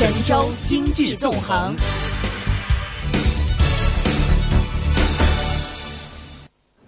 神州經濟縱橫。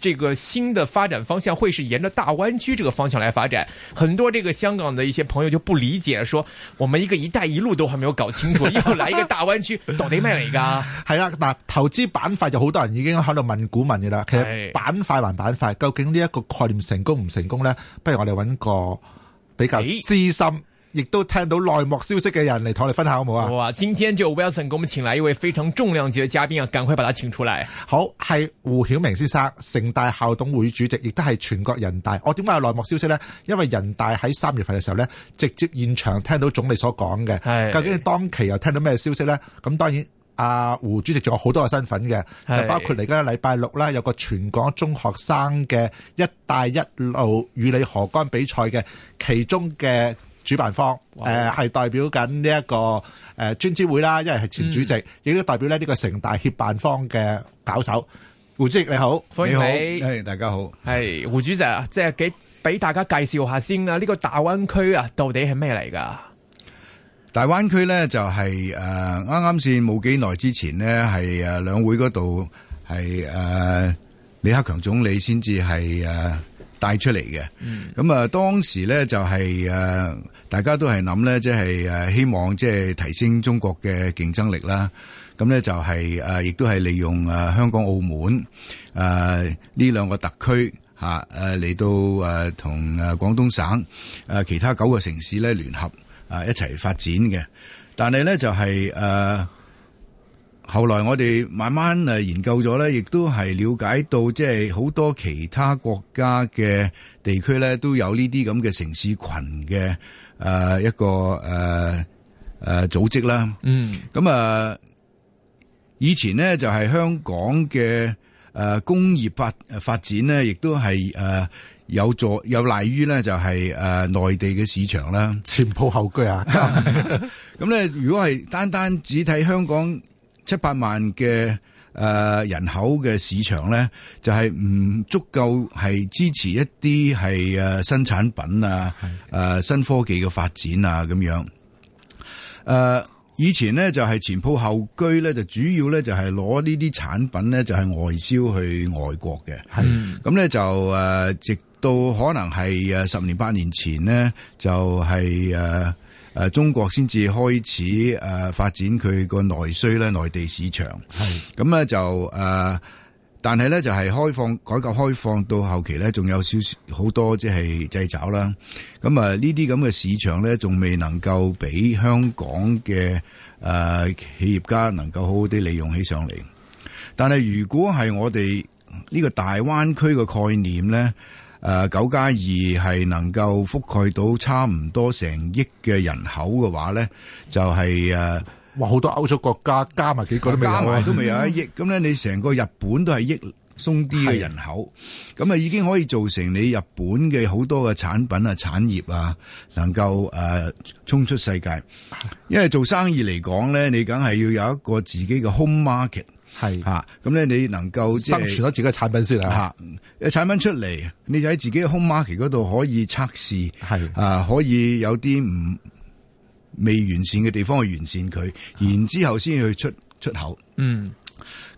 這個新的發展方向會是沿着大灣區這個方向來發展，很多這個香港的一些朋友就不理解，說我們一個一帶一路都還沒有搞清楚，要嚟一個大灣區，到底咩嚟噶？係 啦、啊，嗱，投資板塊就好多人已經喺度問股民噶啦，其實板塊還板塊，究竟呢一個概念成功唔成功呢？不如我哋揾個比較資深。哎亦都聽到內幕消息嘅人嚟同我哋分享好唔好啊？哇！今天就 Wilson，咁我們請來一位非常重量級嘅嘉賓啊，趕快把他請出來。好，係胡曉明先生，城大校董會主席，亦都係全國人大。我點解有內幕消息呢？因為人大喺三月份嘅時候呢，直接現場聽到總理所講嘅。係、哎、究竟當期又聽到咩消息呢？咁當然，阿、啊、胡主席仲有好多嘅身份嘅，就、哎、包括嚟緊禮拜六啦，有個全港中學生嘅一帶一路與你何關比賽嘅其中嘅。主辦方，誒、wow. 係、呃、代表緊呢一個誒、呃、專資會啦，因為係前主席，亦、嗯、都代表咧呢個城大協辦方嘅搞手。胡主席你好，歡迎你。你好，係大家好，係胡主席啊！即係幾俾大家介紹一下先啊！呢個大灣區啊，到底係咩嚟㗎？大灣區咧就係誒啱啱先冇幾耐之前呢係誒兩會嗰度係誒李克強總理先至係誒。呃帶出嚟嘅，咁啊，當時咧就係誒，大家都係諗咧，即係誒，希望即係提升中國嘅競爭力啦。咁咧就係誒，亦都係利用誒香港、澳門誒呢兩個特區嚇誒嚟到同廣東省誒其他九個城市咧聯合啊一齊發展嘅。但係咧就係誒。後來我哋慢慢誒研究咗咧，亦都係了解到，即係好多其他國家嘅地區咧，都有呢啲咁嘅城市群嘅，誒一個誒誒組織啦。嗯，咁啊，以前呢就係香港嘅誒工業發發展呢，亦都係誒有助有賴於呢就係誒內地嘅市場啦，前仆後繼啊！咁咧，如果係單單只睇香港。七百萬嘅誒人口嘅市場咧，就係唔足夠係支持一啲係誒新產品啊，誒新科技嘅發展啊咁樣。誒，以前咧就係前鋪後居咧，就主要咧就係攞呢啲產品咧就係外銷去外國嘅。係咁咧就誒，直到可能係誒十年八年前咧，就是，就係誒。誒、呃，中國先至開始誒、呃、發展佢個內需咧，內地市場。係咁咧就誒、呃，但係咧就係、是、開放改革開放到後期咧，仲有少少好多即係製造啦。咁啊呢啲咁嘅市場咧，仲未能夠俾香港嘅誒、呃、企業家能夠好好啲利用起上嚟。但係如果係我哋呢個大灣區嘅概念咧，誒，九加二係能夠覆蓋到差唔多成億嘅人口嘅話咧，就係、是、誒，uh, 哇！好多歐洲國家加埋幾個都、啊、加埋都未有一億，咁、嗯、咧你成個日本都係億鬆啲嘅人口，咁啊已經可以造成你日本嘅好多嘅產品啊、產業啊，能夠誒衝出世界。因為做生意嚟講咧，你梗係要有一個自己嘅 home market。係吓，咁、啊、咧你能夠生存咗自己嘅產品先啦吓、啊。產品出嚟，你就喺自己嘅 home market 嗰度可以測試，係啊，可以有啲唔未完善嘅地方去完善佢，然之後先去出出口。嗯，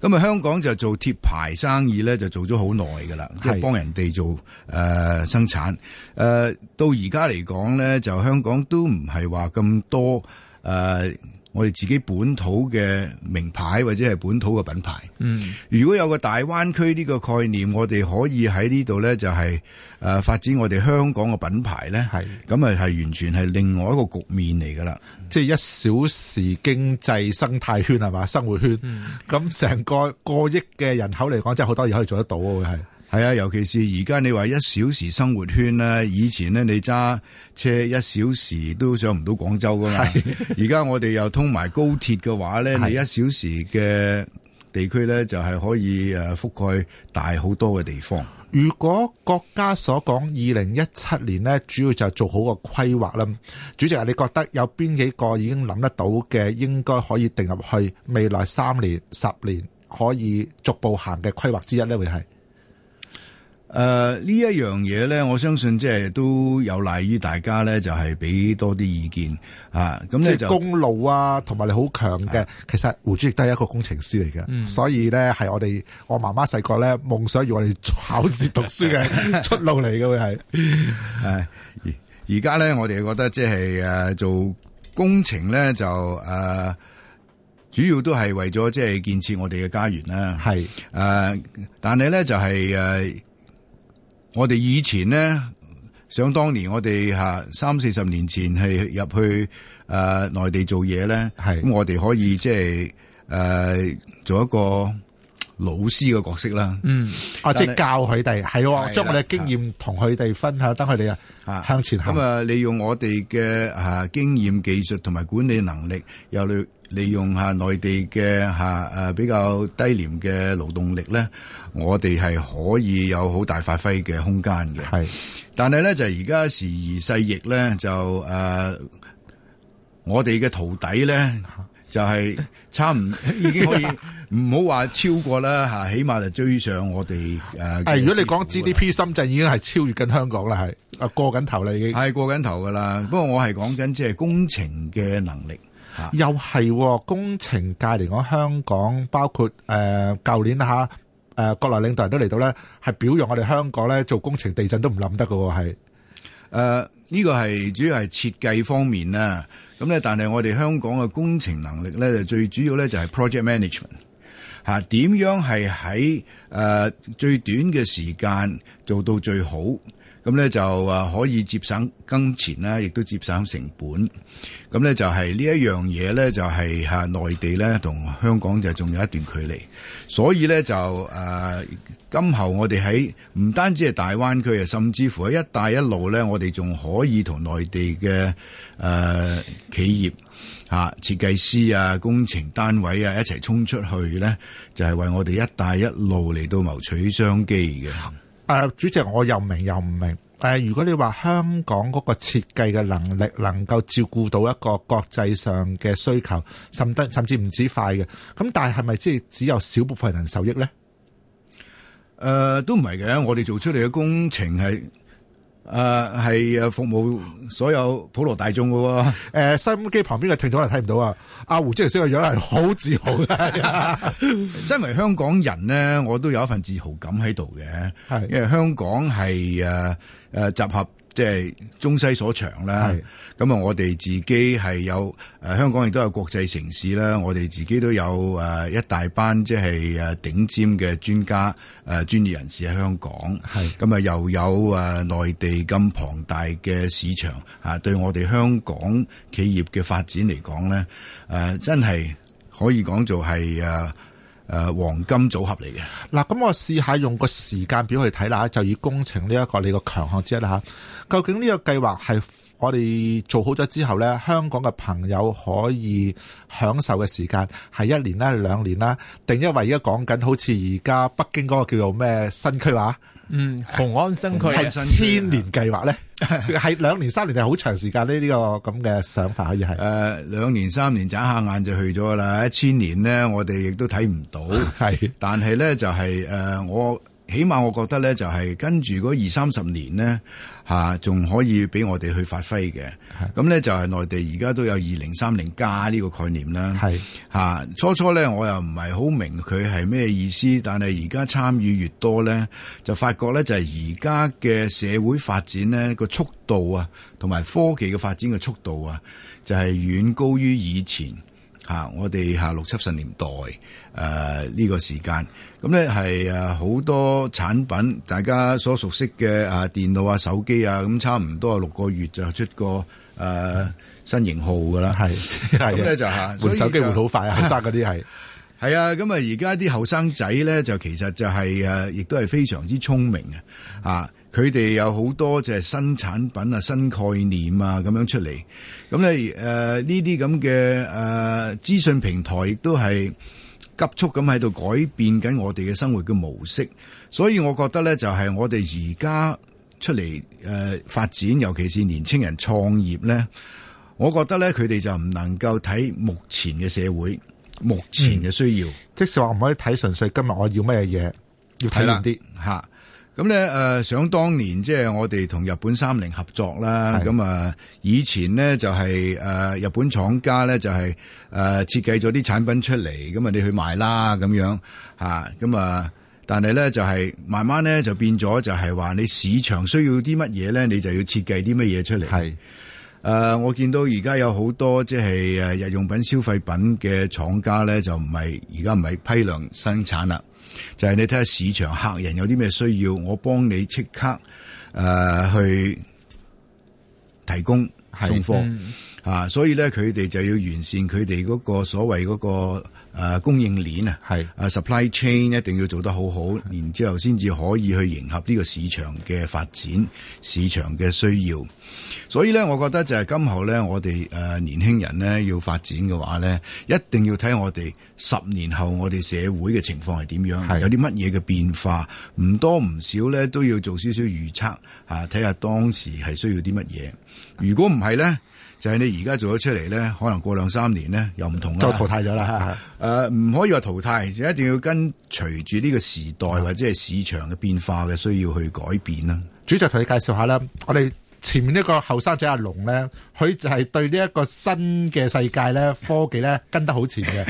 咁啊，香港就做貼牌生意咧，就做咗好耐噶啦，即係幫人哋做誒、呃、生產。誒、呃，到而家嚟講咧，就香港都唔係話咁多誒。呃我哋自己本土嘅名牌或者係本土嘅品牌，嗯，如果有個大灣區呢個概念，我哋可以喺呢度咧就係、是、誒、呃、發展我哋香港嘅品牌咧，係咁啊係完全係另外一個局面嚟噶啦，即係一小時經濟生態圈係嘛生活圈，咁、嗯、成個個億嘅人口嚟講，真係好多嘢可以做得到，會係。係啊，尤其是而家你話一小時生活圈咧，以前咧你揸車一小時都上唔到廣州噶嘛。而家我哋又通埋高鐵嘅話咧，你一小時嘅地區咧就係可以誒覆蓋大好多嘅地方。如果國家所講二零一七年咧，主要就係做好個規劃啦。主席，你覺得有邊幾個已經諗得到嘅，應該可以定入去未來三年、十年可以逐步行嘅規劃之一咧？會係？誒、呃，呢一樣嘢咧，我相信即係都有賴於大家咧，就係、是、俾多啲意見啊。咁咧就公路啊，同埋你好強嘅，其實胡主席都係一個工程師嚟嘅、嗯，所以咧係我哋我媽媽細個咧夢想，要我哋考試讀書嘅出路嚟嘅，係、 啊。係而而家咧，我哋覺得即係誒做工程咧，就誒、啊、主要都係為咗即係建設我哋嘅家園啦。係誒、啊，但係咧就係、是、誒。啊我哋以前咧，想當年我哋吓三四十年前係入去誒、呃、內地做嘢咧，咁、嗯、我哋可以即係誒做一個老師嘅角色啦。嗯，啊即係教佢哋，係、啊啊、將我哋嘅經驗同佢哋分享，等佢哋啊向前行、啊。咁、嗯、啊，利用我哋嘅誒經驗、技術同埋管理能力，又嚟。利用下內、啊、地嘅吓誒比較低廉嘅勞動力咧，我哋係可以有好大發揮嘅空間嘅。係，但係咧就而家時移世易咧就誒、啊、我哋嘅徒弟咧 就係差唔已經可以唔好話超過啦吓、啊、起碼就追上我哋誒、啊、如果你講 GDP，深、啊、圳已經係超越緊香港啦，係啊過緊頭啦，已經係過緊頭噶啦、啊。不過我係講緊即係工程嘅能力。又係工程界嚟講，香港包括誒舊、呃、年吓誒、啊、國內領導人都嚟到咧，係表揚我哋香港咧做工程地震都唔諗得嘅。係誒呢個係主要係設計方面啦，咁咧，但係我哋香港嘅工程能力咧就最主要咧就係 project management 吓、啊，點樣係喺誒最短嘅時間做到最好。咁咧就啊可以節省金錢啦，亦都節省成本。咁咧就係呢一樣嘢咧，就係嚇內地咧同香港就仲有一段距離。所以咧就誒，今後我哋喺唔單止係大灣區啊，甚至乎係一帶一路咧，我哋仲可以同內地嘅誒企業啊、設計師啊、工程單位啊一齊衝出去咧，就係為我哋一帶一路嚟到謀取商機嘅。誒，主席，我又明又唔明。但係，如果你話香港嗰個設計嘅能力能夠照顧到一個國際上嘅需求，甚至甚至唔止快嘅，咁但係係咪即係只有少部分人受益呢？誒、呃，都唔係嘅，我哋做出嚟嘅工程係。誒係誒服務所有普羅大眾嘅喎，收 音、呃、機旁邊嘅聽筒係睇唔到，到啊！阿胡椒頭先個樣係好自豪嘅，作為 香港人呢，我都有一份自豪感喺度嘅，因為香港係誒誒集合。即係中西所長啦，咁啊，我哋自己係有香港亦都有國際城市啦。我哋自己都有一大班即係頂尖嘅專家、啊、專業人士喺香港，咁啊又有啊內地咁龐大嘅市場、啊、對我哋香港企業嘅發展嚟講咧、啊、真係可以講做係誒，黃金組合嚟嘅。嗱，咁我試下用個時間表去睇啦，就以工程呢一個你個強項之一啦吓，究竟呢個計劃係我哋做好咗之後咧，香港嘅朋友可以享受嘅時間係一年啦、兩年啦，定因為而家講緊好似而家北京嗰個叫做咩新區話、啊，嗯，雄安新區係、啊啊啊、千年計劃咧。係 兩年三年定係好長時間呢？呢個咁嘅想法可以係，誒，兩年三年眨下眼就去咗啦，一千年呢，我哋亦都睇唔到係 但係咧就係、是、誒、呃、我。起碼我覺得咧，就係跟住嗰二三十年咧，嚇仲可以俾我哋去發揮嘅。咁咧就係內地而家都有二零三零加呢個概念啦。嚇初初咧，我又唔係好明佢係咩意思，但係而家參與越多咧，就發覺咧就係而家嘅社會發展咧個速度啊，同埋科技嘅發展嘅速度啊，就係遠高於以前。啊！我哋下六七十年代，誒呢個時間，咁咧係誒好多產品，大家所熟悉嘅啊，電腦啊、手機啊，咁差唔多六個月就出個誒新型號噶啦，係咁咧就吓。所以就換手機會好快啊，生嗰啲係係啊，咁啊而家啲後生仔咧就其實就係誒，亦都係非常之聰明啊。嗯佢哋有好多就係新產品啊、新概念啊咁樣出嚟，咁咧誒呢啲咁嘅誒資訊平台亦都係急速咁喺度改變緊我哋嘅生活嘅模式，所以我覺得咧就係、是、我哋而家出嚟誒、呃、發展，尤其是年青人創業咧，我覺得咧佢哋就唔能夠睇目前嘅社會、目前嘅需要，嗯、即使話唔可以睇純粹今日我要乜嘢，要睇啲吓。咁咧，誒想當年即係我哋同日本三菱合作啦，咁啊以前呢就係誒日本廠家咧就係誒設計咗啲產品出嚟，咁啊你去賣啦，咁樣吓，咁啊但係咧就係慢慢咧就變咗，就係話你市場需要啲乜嘢咧，你就要設計啲乜嘢出嚟。係誒，我見到而家有好多即係誒日用品消費品嘅廠家咧，就唔係而家唔係批量生產啦。就係、是、你睇下市場客人有啲咩需要，我幫你即刻誒去提供送貨啊，所以咧佢哋就要完善佢哋嗰個所謂嗰、那個。誒、啊、供應鏈啊，係、supply chain 一定要做得好好，然之後先至可以去迎合呢個市場嘅發展、市場嘅需要。所以咧，我覺得就係今後咧，我哋誒、啊、年輕人咧要發展嘅話咧，一定要睇我哋十年後我哋社會嘅情況係點樣，有啲乜嘢嘅變化，唔多唔少咧都要做少少預測啊，睇下當時係需要啲乜嘢。如果唔係咧，就係你而家做咗出嚟咧，可能過兩三年咧又唔同啦。就淘汰咗啦嚇，誒唔可以話淘汰，就一定要跟隨住呢個時代或者係市場嘅變化嘅需要去改變啦。主席，同你介紹下啦，我哋。前面呢個後生仔阿龍咧，佢就係對呢一個新嘅世界咧，科技咧跟得好前嘅。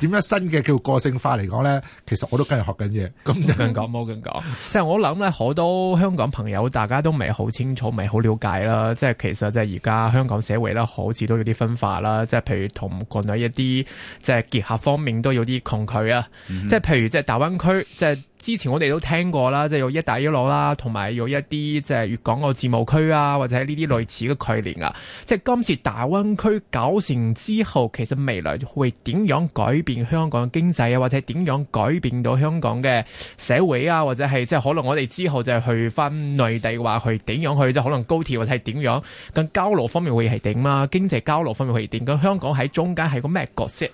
點解新嘅叫個性化嚟講咧？其實我都跟住學緊嘢。咁咁講冇咁講，即係 我諗咧，好多香港朋友大家都未好清楚，未好了解啦。即係其實即係而家香港社會咧，好似都有啲分化啦。即係譬如同國內一啲即係結合方面都有啲抗拒啊。嗯，即係譬如即係大灣區，即係之前我哋都聽過啦，即係有一帶一路啦，同埋有，有一啲即係粵港澳自貿區啊。或者呢啲類似嘅概念啊，即係今次大灣區搞成之後，其實未來會點樣改變香港嘅經濟啊？或者點樣改變到香港嘅社會啊？或者係即係可能我哋之後就係去翻內地嘅話，去點樣去？即係可能高鐵或者係點樣？咁交流方面會係點啊？經濟交流方面會係點？咁香港喺中間係個咩角色？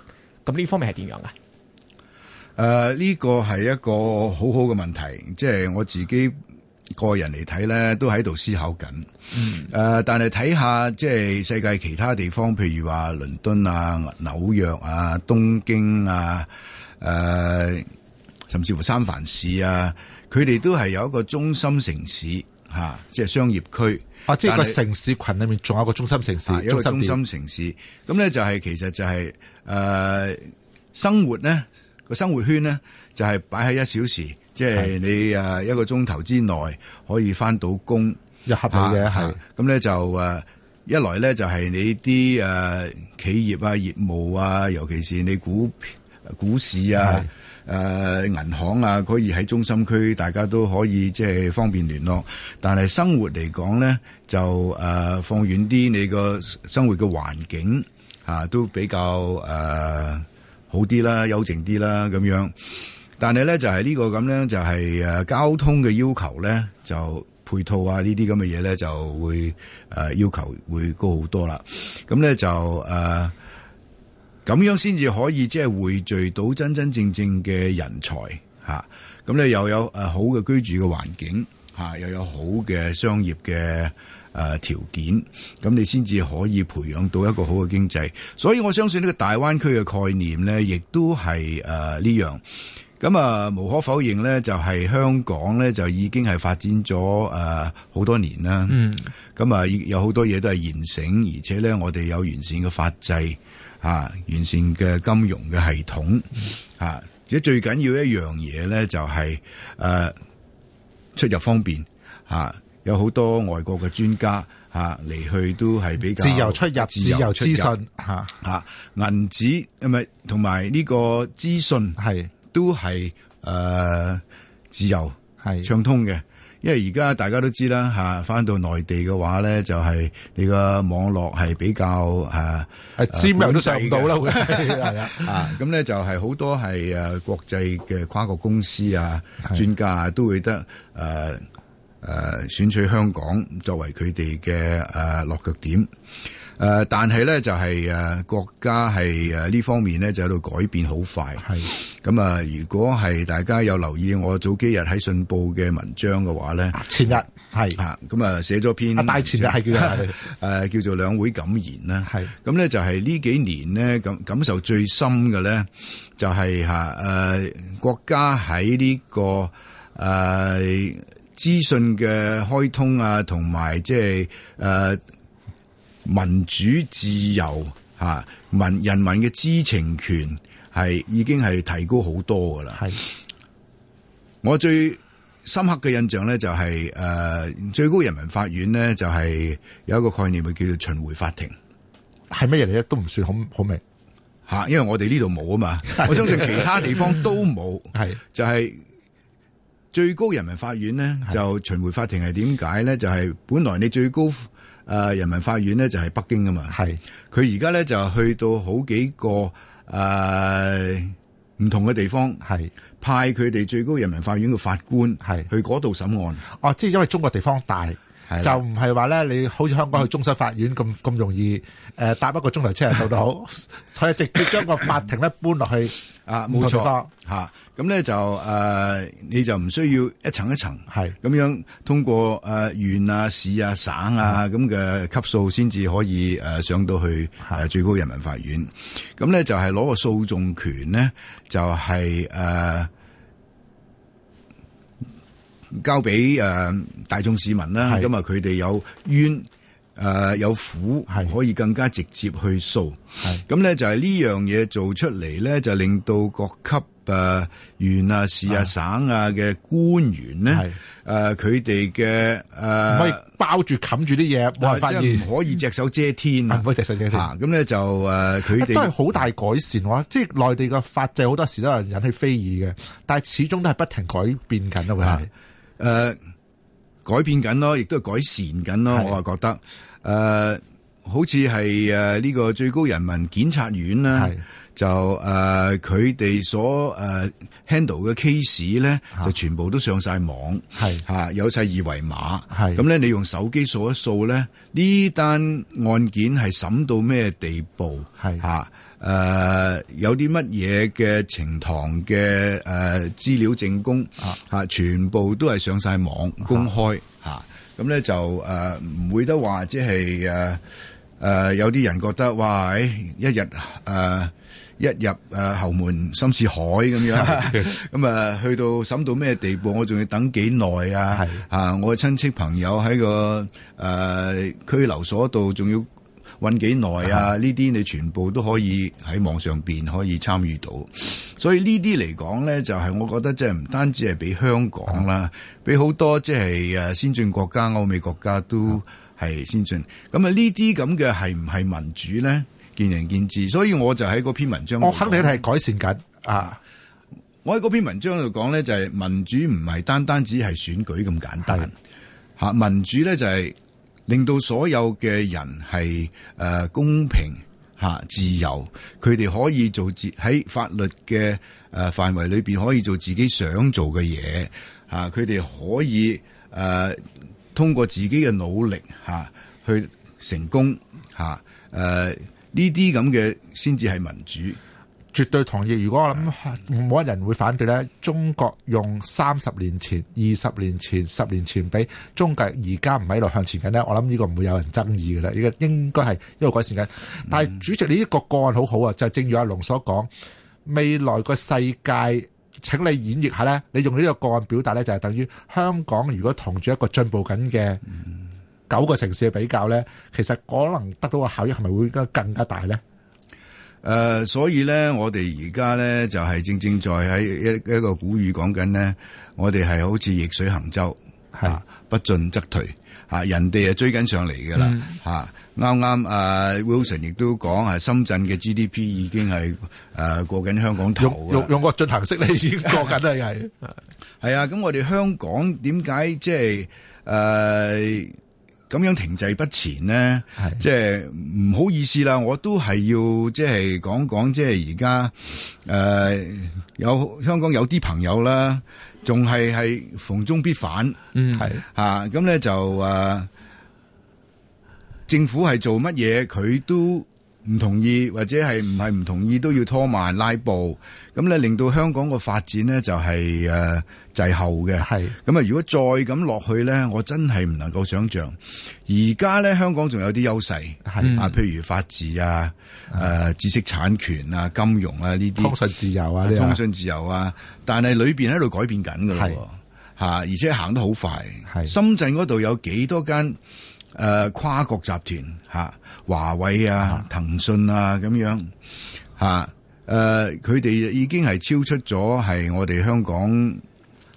咁呢方面係點樣啊？誒，呢個係一個好好嘅問題，即係我自己。個人嚟睇咧，都喺度思考緊。誒、呃，但係睇下即係世界其他地方，譬如話倫敦啊、紐約啊、東京啊、誒、呃，甚至乎三藩市啊，佢哋都係有一個中心城市吓，即係商業區。啊，即係個城市群裏面仲有一個中心城市，啊啊、個城市一個中心城市。咁咧、啊、就係、是、其實就係、是、誒、呃，生活咧個生活圈咧就係擺喺一小時。即、就、係、是、你是啊，一個鐘頭之內可以返到工，一合理嘅，係咁咧就誒，一來咧就係你啲誒、啊、企業啊、業務啊，尤其是你股股市啊、誒銀、啊、行啊，可以喺中心區，大家都可以即係、就是、方便聯絡。但係生活嚟講咧，就誒、啊、放遠啲，你個生活嘅環境啊都比較誒、啊、好啲啦、幽靜啲啦咁樣。但係咧就係呢、這個咁樣就係、是、誒交通嘅要求咧就配套啊呢啲咁嘅嘢咧就會誒、呃、要求會高好多啦，咁咧就誒咁、呃、樣先至可以即係匯聚到真真正正嘅人才吓，咁、啊、咧又有誒好嘅居住嘅環境吓、啊，又有好嘅商業嘅誒條件，咁你先至可以培養到一個好嘅經濟，所以我相信呢個大灣區嘅概念咧，亦都係誒呢樣。咁啊，無可否認咧，就係、是、香港咧，就已經係發展咗誒好多年啦。咁、嗯、啊，有好多嘢都係現成，而且咧，我哋有完善嘅法制，啊完善嘅金融嘅系統，吓、嗯。而且最緊要一樣嘢咧，就係誒出入方便，吓。有好多外國嘅專家吓嚟去都係比較自由出入，自由資訊吓吓銀紙，咪同埋呢個資訊係。都係誒、呃、自由、暢通嘅，因為而家大家都知啦，嚇，翻到內地嘅話咧，就係、是、你個網絡係比較誒，尖人都上唔到啦，啊、咁、啊、咧、啊啊啊 啊、就係好多係誒、啊、國際嘅跨國公司啊、專家啊，都會得誒誒、啊啊、選取香港作為佢哋嘅誒落腳點。誒、呃，但係咧就係、是、誒、啊，國家係誒呢方面咧就喺度改變好快。係咁啊，如果係大家有留意我早幾日喺信報嘅文章嘅話咧，前日係咁啊寫咗篇、啊、大前日係叫誒叫做兩會感言啦。係咁咧就係、是、呢幾年咧咁感受最深嘅咧就係吓誒國家喺呢、這個誒資訊嘅開通啊，同埋即係誒。啊民主自由吓民人民嘅知情權係已經係提高好多噶啦。係我最深刻嘅印象咧、就是，就係誒最高人民法院咧就係有一個概念，會叫做巡回法庭係咩嘢嚟咧？都唔算好好明吓，因為我哋呢度冇啊嘛。我相信其他地方都冇係， 就係最高人民法院咧就巡回法庭係點解咧？就係、是、本來你最高。誒、呃，人民法院咧就係、是、北京噶嘛？係，佢而家咧就去到好幾個誒唔、呃、同嘅地方，係派佢哋最高人民法院嘅法官係去嗰度審案。哦，即係因為中國地方大，就唔係話咧，你好似香港去中山法院咁咁、嗯、容易誒，搭、呃、一個鐘頭車嚟到好好 所以直接將個法庭咧搬落去。啊，冇錯吓，咁咧就誒、啊，你就唔需要一層一層係咁樣通過誒，縣啊、市啊、省啊咁嘅級數，先至可以誒上到去最高人民法院。咁咧就係攞個訴訟權咧，就係、是、誒、啊、交俾誒大眾市民啦。今日佢哋有冤。誒、呃、有苦可以更加直接去訴，咁咧、嗯、就係呢樣嘢做出嚟咧，就令到各級誒縣、呃、啊、市啊、啊省啊嘅官員咧，誒佢哋嘅可以包住冚住啲嘢，哇、呃！即係唔可以隻手遮天啊，唔可以隻手遮天。咁、嗯、咧、啊、就誒佢哋都係好大改善咯，即係內地嘅法制好多時都係引起非議嘅，但係始終都係不停改變緊咯，係誒、啊呃、改變緊咯，亦都係改善緊咯，我係覺得。誒、呃，好似係誒呢個最高人民檢察院啦，就誒佢哋所誒 handle 嘅 case 咧，就全部都上晒網，吓、啊、有晒二維碼，咁咧你用手機掃一掃咧，呢單案件係審到咩地步，吓誒、啊、有啲乜嘢嘅呈堂嘅誒資料證供，吓、啊、全部都係上晒網公開吓。咁咧就誒唔會得話，即係誒誒有啲人覺得哇！誒一日誒一入誒侯門深似海咁樣，咁誒去到審到咩地步，我仲要等幾耐啊？係啊！我嘅親戚朋友喺個誒拘留所度，仲要。運幾耐啊？呢啲你全部都可以喺網上邊可以參與到，所以呢啲嚟講咧，就係、是、我覺得即係唔單止係俾香港啦，俾好多即係誒先進國家、歐美國、國家都係先進。咁啊，呢啲咁嘅係唔係民主咧？見仁見智。所以我就喺嗰篇文章，我肯定係改善緊啊！我喺嗰篇文章度講咧，就係、是、民主唔係單單只係選舉咁簡單吓，民主咧就係、是。令到所有嘅人係誒公平嚇、自由，佢哋可以做自喺法律嘅誒範圍裏邊可以做自己想做嘅嘢嚇，佢哋可以誒通過自己嘅努力嚇去成功嚇誒呢啲咁嘅先至係民主。絕對同意。如果我諗冇人會反對咧，中國用三十年前、二十年前、十年前俾中國而家唔喺度向前緊咧。我諗呢個唔會有人爭議㗎啦。呢個應該係因為改善緊。但係主席，你呢個個案好好啊，就係、正如阿龍所講，未來個世界，請你演繹下咧。你用呢個個案表達咧，就係等於香港如果同住一個進步緊嘅九個城市嘅比較咧，其實可能得到嘅效益係咪會應該更加大咧？誒、呃，所以咧，我哋而家咧就係、是、正正在喺一一個古語講緊咧，我哋係好似逆水行舟，吓、啊、不進則退，吓人哋、嗯、啊追緊上嚟噶啦，吓啱啱誒 Wilson 亦都講係深圳嘅 GDP 已經係誒、啊、過緊香港頭，用用，用個進行式你已經過緊啦，又係係啊，咁我哋香港點解即係誒？就是呃咁樣停滯不前咧，即係唔好意思啦，我都係要即係講講，即係而家誒有香港有啲朋友啦，仲係係逢中必反，係啊，咁咧就誒、呃、政府係做乜嘢佢都，唔同意或者係唔係唔同意都要拖慢拉布，咁咧令到香港個發展咧就係、是、誒、呃、滯後嘅。係咁啊！如果再咁落去咧，我真係唔能夠想象。而家咧香港仲有啲優勢，係啊，譬如法治啊、誒、啊、知識產權啊、金融啊呢啲。通訊自由啊，通訊自由啊，但係裏邊喺度改變緊噶咯。吓，而且行得好快。係深圳嗰度有幾多間？誒、呃，跨國集團吓，華、啊、為啊，騰訊啊，咁樣吓，誒、啊，佢、呃、哋已經係超出咗係我哋香港，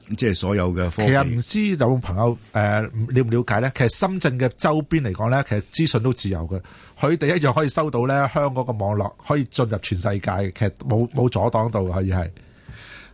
即、就、係、是、所有嘅科技。其實唔知有冇朋友誒、呃、了唔了解咧？其實深圳嘅周邊嚟講咧，其實資訊都自由嘅，佢哋一樣可以收到咧香港嘅網絡，可以進入全世界，其實冇冇阻擋到，可以係。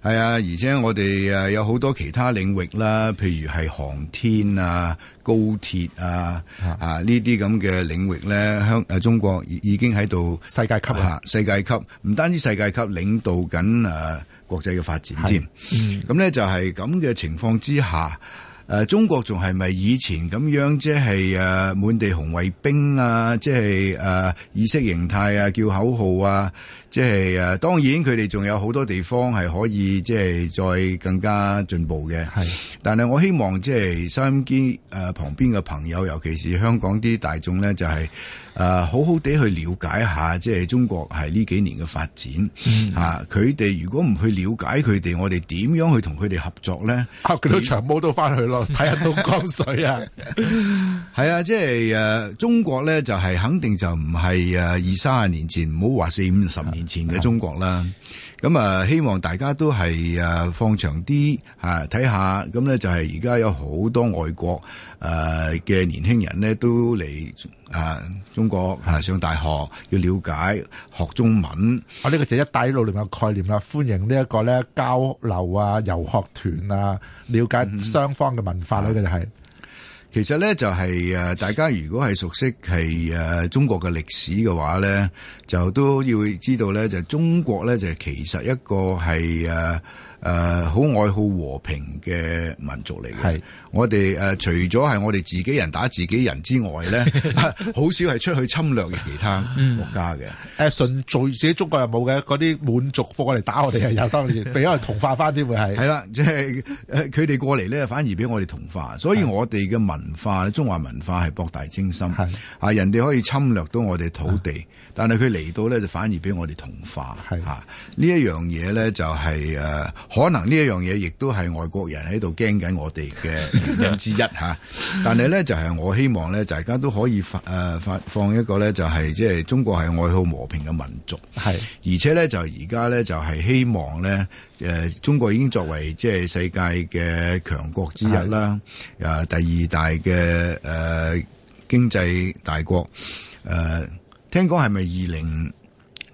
係啊，而且我哋誒有好多其他領域啦，譬如係航天啊、高鐵啊啊呢啲咁嘅領域咧，香誒中國已已經喺度世界級、啊啊、世界級唔單止世界級領導緊誒國際嘅發展添。咁咧、嗯嗯、就係咁嘅情況之下。誒、啊、中國仲係咪以前咁樣？即係誒、啊、滿地紅衛兵啊，即係誒、啊、意識形態啊，叫口號啊，即係誒、啊、當然佢哋仲有好多地方係可以即係再更加進步嘅。但係我希望即係身邊誒旁邊嘅朋友，尤其是香港啲大眾咧，就係、是。誒、啊，好好地去了解下，即係中國係呢幾年嘅發展、嗯、啊！佢哋如果唔去了解佢哋，我哋點樣去同佢哋合作咧？佢哋都長毛都翻去咯，睇下東江水啊！係 啊，即係誒、啊，中國咧就係、是、肯定就唔係誒二三十年前，唔好話四五十年前嘅中國啦。咁啊，啊，希望大家都係誒、啊、放長啲吓睇下，咁、啊、咧就係而家有好多外國誒嘅、啊、年輕人咧都嚟。誒、啊，中國、啊、上大學要了解，學中文，啊、哦，呢、這個就一帶一路嚟嘅概念啦，歡迎呢一個咧交流啊，遊學團啊，了解雙方嘅文化咧、啊，就、嗯、係、啊，其實咧就係誒，大家如果係熟悉係誒中國嘅歷史嘅話咧，就都要知道咧，就是、中國咧就是、其實一個系誒。啊誒、呃，好愛好和平嘅民族嚟嘅。係我哋誒、呃，除咗係我哋自己人打自己人之外咧，好、 啊、少係出去侵略其他國家嘅。誒、嗯、純、啊、粹自己中國又冇嘅，嗰啲滿族過嚟打我哋有。 當然俾我哋同化翻啲，會係係啦，即係誒，佢、就、哋、是呃、過嚟咧反而俾我哋同化。所以我哋嘅文化，中華文化係博大精深。啊，人哋可以侵略到我哋土地，啊、但係佢嚟到咧就反而俾我哋同化。係、啊、呢一樣嘢，咧就係、是、誒。呃可能呢一樣嘢，亦都係外國人喺度驚緊我哋嘅原因之一 但係咧，就係我希望咧，就大家都可以發誒發放一個咧，就係即係中國係愛好和平嘅民族。係，而且咧就而家咧就係希望咧誒，中國已經作為即係世界嘅強國之一啦。誒，第二大嘅誒經濟大國。誒，聽講係咪二零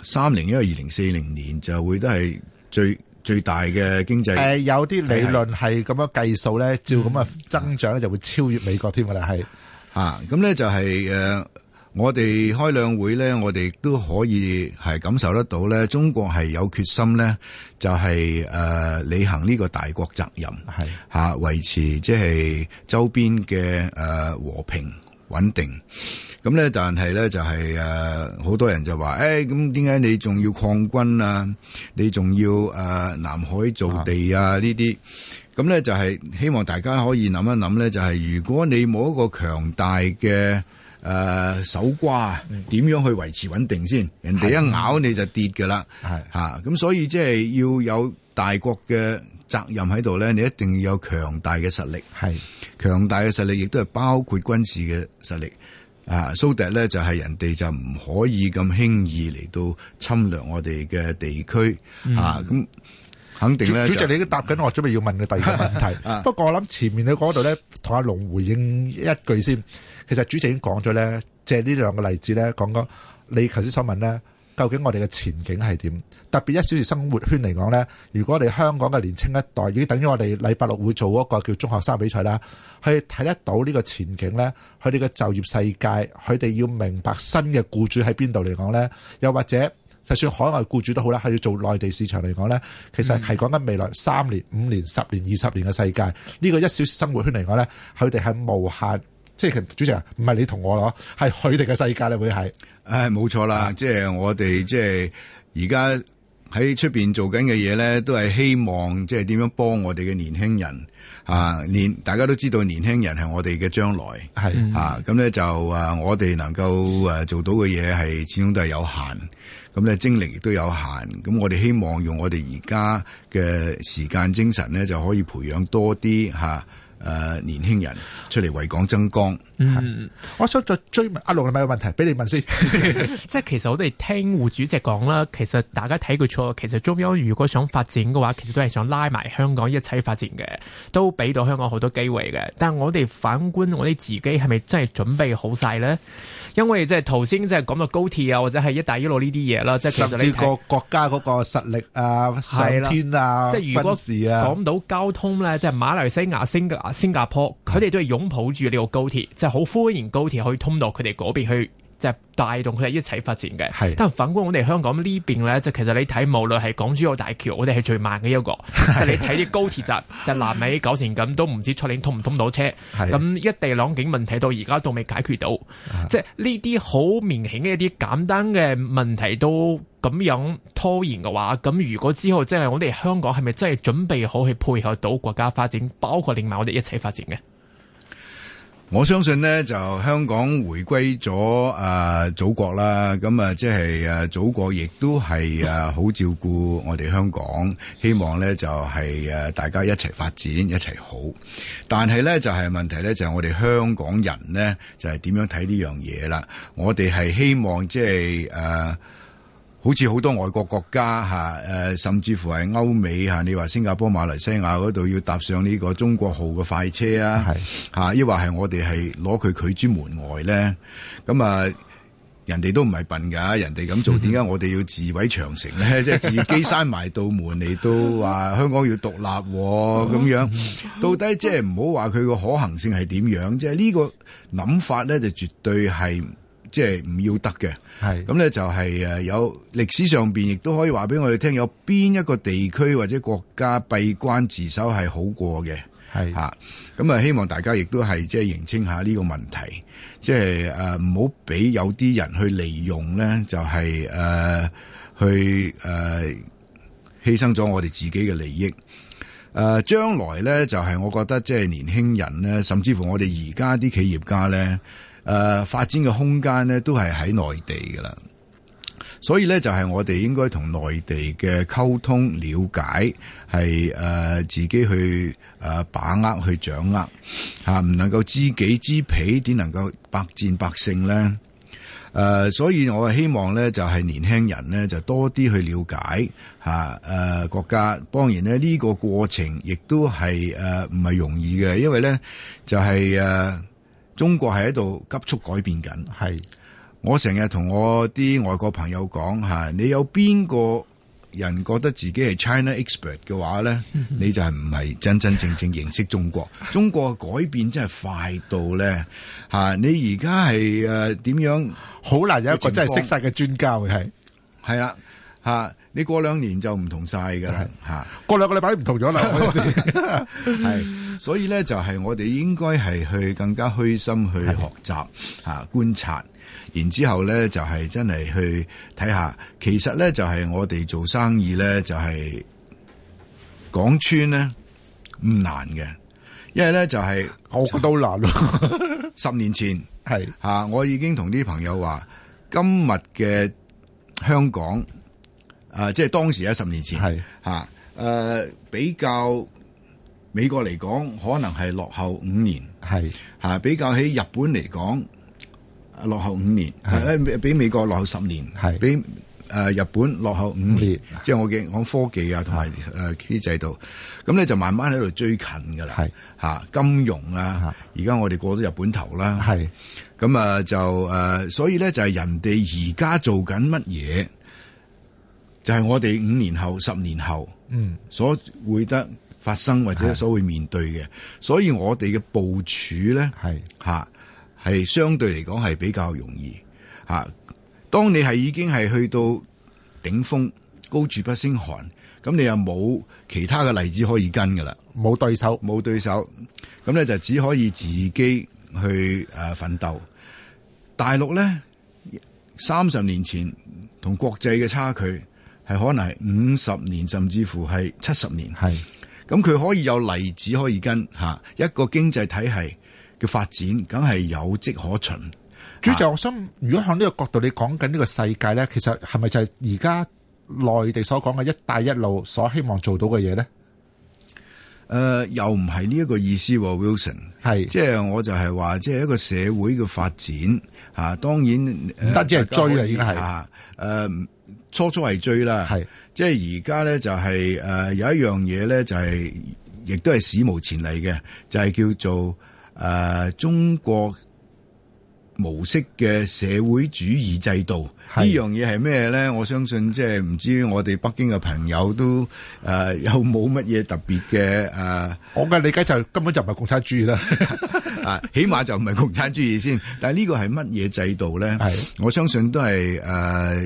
三零？因為二零四零年就會都係最。最大嘅經濟，誒、呃、有啲理論係咁樣計數咧，啊，照咁啊增長咧就會超越美國添，我哋係嚇。咁咧、啊、就係、是、誒、呃，我哋開兩會咧，我哋都可以係感受得到咧，中國係有決心咧，就係、是、誒、呃、履行呢個大國責任係嚇、啊呃，維持即係、就是、周邊嘅誒、呃、和平穩定。咁咧、就是，但係咧就係誒，好多人就話誒，咁點解你仲要擴軍啊？你仲要誒、呃、南海造地啊？呢啲咁咧就係、是、希望大家可以諗一諗咧，就係、是、如果你冇一個強大嘅誒、呃、手瓜，點、嗯、樣去維持穩定先？嗯、人哋一咬你就跌噶啦，係吓咁，所以即係要有大國嘅責任喺度咧，你一定要有強大嘅實力，係強大嘅實力，亦都係包括軍事嘅實力。啊 Saudi 咧就係人哋就唔可以咁輕易嚟到侵略我哋嘅地區、嗯、啊！咁肯定咧，主席你都答緊，我準備要問嘅第二個問題。 不過我諗前面喺嗰度咧，同阿龍回應一句先。其實主席已經講咗咧，借呢兩個例子咧講講你頭先所問咧。究竟我哋嘅前景係點？特別一小時生活圈嚟講呢，如果我哋香港嘅年青一代已經等於我哋禮拜六會做嗰個叫中學生比賽啦，去睇得到呢個前景呢，佢哋嘅就業世界，佢哋要明白新嘅僱主喺邊度嚟講呢？又或者就算海外僱主都好啦，係要做內地市場嚟講呢，其實係講緊未來三年、五年、十年、二十年嘅世界。呢個一小時生活圈嚟講呢，佢哋係無限。即係其實，主席唔係你同我咯，係佢哋嘅世界咧，會、哎、係。誒，冇錯啦，即係我哋即係而家喺出邊做緊嘅嘢咧，都係希望即係點樣幫我哋嘅年輕人、嗯、啊！年大家都知道年輕人係我哋嘅將來，係啊，咁咧就啊，我哋能夠誒做到嘅嘢係始終都係有限，咁咧精力亦都有限，咁我哋希望用我哋而家嘅時間精神咧，就可以培養多啲嚇。啊誒，年輕人出嚟為港增光。嗯，我想再追問阿龍係咪有問題，俾你問先。即 係其實我哋聽胡主席講啦，其實大家睇佢錯。其實中央如果想發展嘅話，其實都係想拉埋香港一齊發展嘅，都俾到香港好多機會嘅。但係我哋反觀我哋自己，係咪真係準備好晒呢？因為即係頭先即係講到高鐵啊，或者係一帶一路呢啲嘢啦，即係甚至個國家嗰個實力啊、上天啊、即係軍事啊、如果啊，講到交通咧，即係馬來西亞升。新加坡佢哋都係擁抱住呢個高鐵，就係、是、好歡迎高鐵可以通到佢哋嗰邊去，就係、是、帶動佢哋一齊發展嘅。但係反觀我哋香港呢邊咧，就其實你睇，無論係港珠澳大橋，我哋係最慢嘅一個。就是、你睇啲高鐵站就 南美九成咁，都唔知出年通唔通到車。咁一地兩檢，問題到而家都未解決到，即係呢啲好明顯嘅一啲簡單嘅問題都。咁樣拖延嘅話，咁如果之後即係我哋香港係咪真係準備好去配合到國家發展，包括令埋我哋一齊發展嘅？我相信呢，就香港回歸咗啊，祖國啦，咁啊，即係啊，祖國亦都係啊，好照顧我哋香港。 希望呢就係誒，大家一齊發展，一齊好。但係呢，就係問題呢，就係我哋香港人呢，就係點樣睇呢樣嘢啦？我哋係希望即係誒。就是啊好似好多外國國家吓，誒，甚至乎係歐美吓，你話新加坡、馬來西亞嗰度要搭上呢個中國號嘅快車啊，吓，抑或係我哋係攞佢拒之門外咧？咁啊，人哋都唔係笨噶，人哋咁做，點解我哋要自毀長城咧？即、嗯、係、就是、自己閂埋道門嚟，都話香港要獨立咁、哦、 樣，到底即係唔好話佢個可行性係點樣？即係呢個諗法咧，就絕對係。即係唔要得嘅，係咁咧，就係誒有歷史上邊亦都可以話俾我哋聽，有邊一個地區或者國家閉關自守係好過嘅？係吓咁啊！希望大家亦都係即係認清下呢個問題，即係誒唔好俾有啲人去利用咧，就係、是、誒、啊、去誒犧、啊、牲咗我哋自己嘅利益。誒、啊，將來咧就係、是、我覺得即係年輕人咧，甚至乎我哋而家啲企業家咧。誒、呃，發展嘅空間咧都係喺內地噶啦，所以咧就係、是、我哋應該同內地嘅溝通、了解，係誒、呃、自己去誒、呃、把握、去掌握吓，唔、啊、能夠知己知彼，點能夠百戰百勝咧？誒、呃，所以我希望咧就係、是、年輕人咧就多啲去了解吓，誒、啊呃、國家。當然咧呢、這個過程亦都係誒唔係容易嘅，因為咧就係、是、誒。呃中國係喺度急速改變緊，係我成日同我啲外國朋友講吓、啊,你有邊個人覺得自己係 China expert 嘅話咧，你就係唔係真真正正正認識中國。 中國嘅改變真係快到咧吓、啊,你而家係誒點樣，好難有一個真係識晒嘅專家嘅係，係啦吓。你過兩年就唔同晒㗎啦，嚇過兩個禮拜唔同咗啦，係 所以咧就係我哋應該係去更加虛心去學習嚇、啊、觀察，然之後咧就係、是、真係去睇下，其實咧就係、是、我哋做生意咧就係、是、講穿咧唔難嘅，因為咧就係、是、我都難咯。十年前係、啊、我已經同啲朋友話，今日嘅香港。啊，即係當時喺十年前，嚇、啊，比較美國嚟講，可能係落後五年、啊，比較喺日本嚟講，落後五年，係、啊、比美國落後十年，比、啊、日本落後五年，即係我嘅講科技啊，同埋誒啲制度，咁咧就慢慢喺度追近㗎啦、啊，金融啊，而家我哋過咗日本頭啦，係咁啊就誒、啊，所以咧就係人哋而家做緊乜嘢？就係、是、我哋五年後、十年後，嗯，所會得發生或者所會面對嘅，所以我哋嘅部署咧，係吓係相對嚟講係比較容易吓、啊。當你係已經係去到頂峰、高處不勝寒，咁你又冇其他嘅例子可以跟噶啦，冇對、對手，冇對手，咁咧就只可以自己去誒奮鬥。大陸咧三十年前同國際嘅差距。係可能係五十年，甚至乎係七十年。係咁，佢可以有例子可以跟吓一個經濟體系嘅發展，梗係有跡可循。主席，我想如果向呢個角度你講緊呢個世界咧，其實係咪就係而家內地所講嘅一帶一路所希望做到嘅嘢咧？誒、呃，又唔係呢一個意思，Wilson。係，即、就、係、是、我就係話，即、就、係、是、一個社會嘅發展吓、啊，當然唔得，即係追啊，已經係誒。初初係追啦，即係而家咧，就係、是、誒、呃、有一樣嘢咧就係、是，亦都係史無前例嘅，就係、是、叫做誒、呃、中國模式嘅社會主義制度。呢樣嘢係咩咧？我相信即係唔知我哋北京嘅朋友都誒、呃、有冇乜嘢特別嘅誒，我嘅理解就根本就唔係共產主義啦， 啊起碼就唔係共產主義先。但係呢個係乜嘢制度咧？我相信都係誒。呃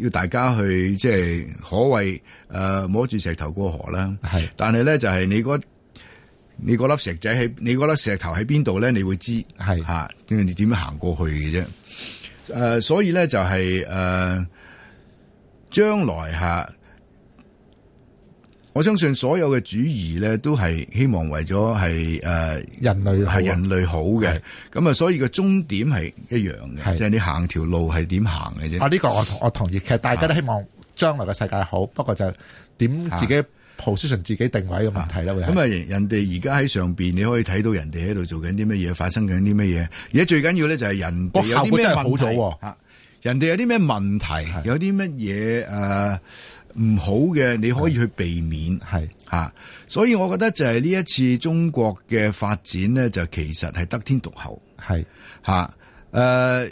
要大家去即係、就是、可謂誒、呃、摸住石頭過河啦。係，但係咧就係、是、你嗰你嗰粒石仔喺你嗰粒石頭喺邊度咧，你會知係吓，即係、啊、你點樣行過去嘅啫。誒、呃，所以咧就係、是、誒，將、呃、來吓。我相信所有嘅主義咧，都係希望為咗係誒人類係人類好嘅。咁啊，所以個終點係一樣嘅，即係、就是、你行條路係點行嘅啫。啊、呢、這個我我同意，其實大家都希望將來嘅世界好，不過就點自己 position 自己定位嘅問題啦。咁啊，人哋而家喺上邊，你可以睇到人哋喺度做緊啲乜嘢，發生緊啲乜嘢。而家最緊要咧就係人，個效果好咗。吓，人哋有啲咩問題，有啲乜嘢誒？唔好嘅，你可以去避免。係吓、啊，所以我覺得就係呢一次中國嘅發展呢，就其實係得天獨厚。係吓，誒、啊呃，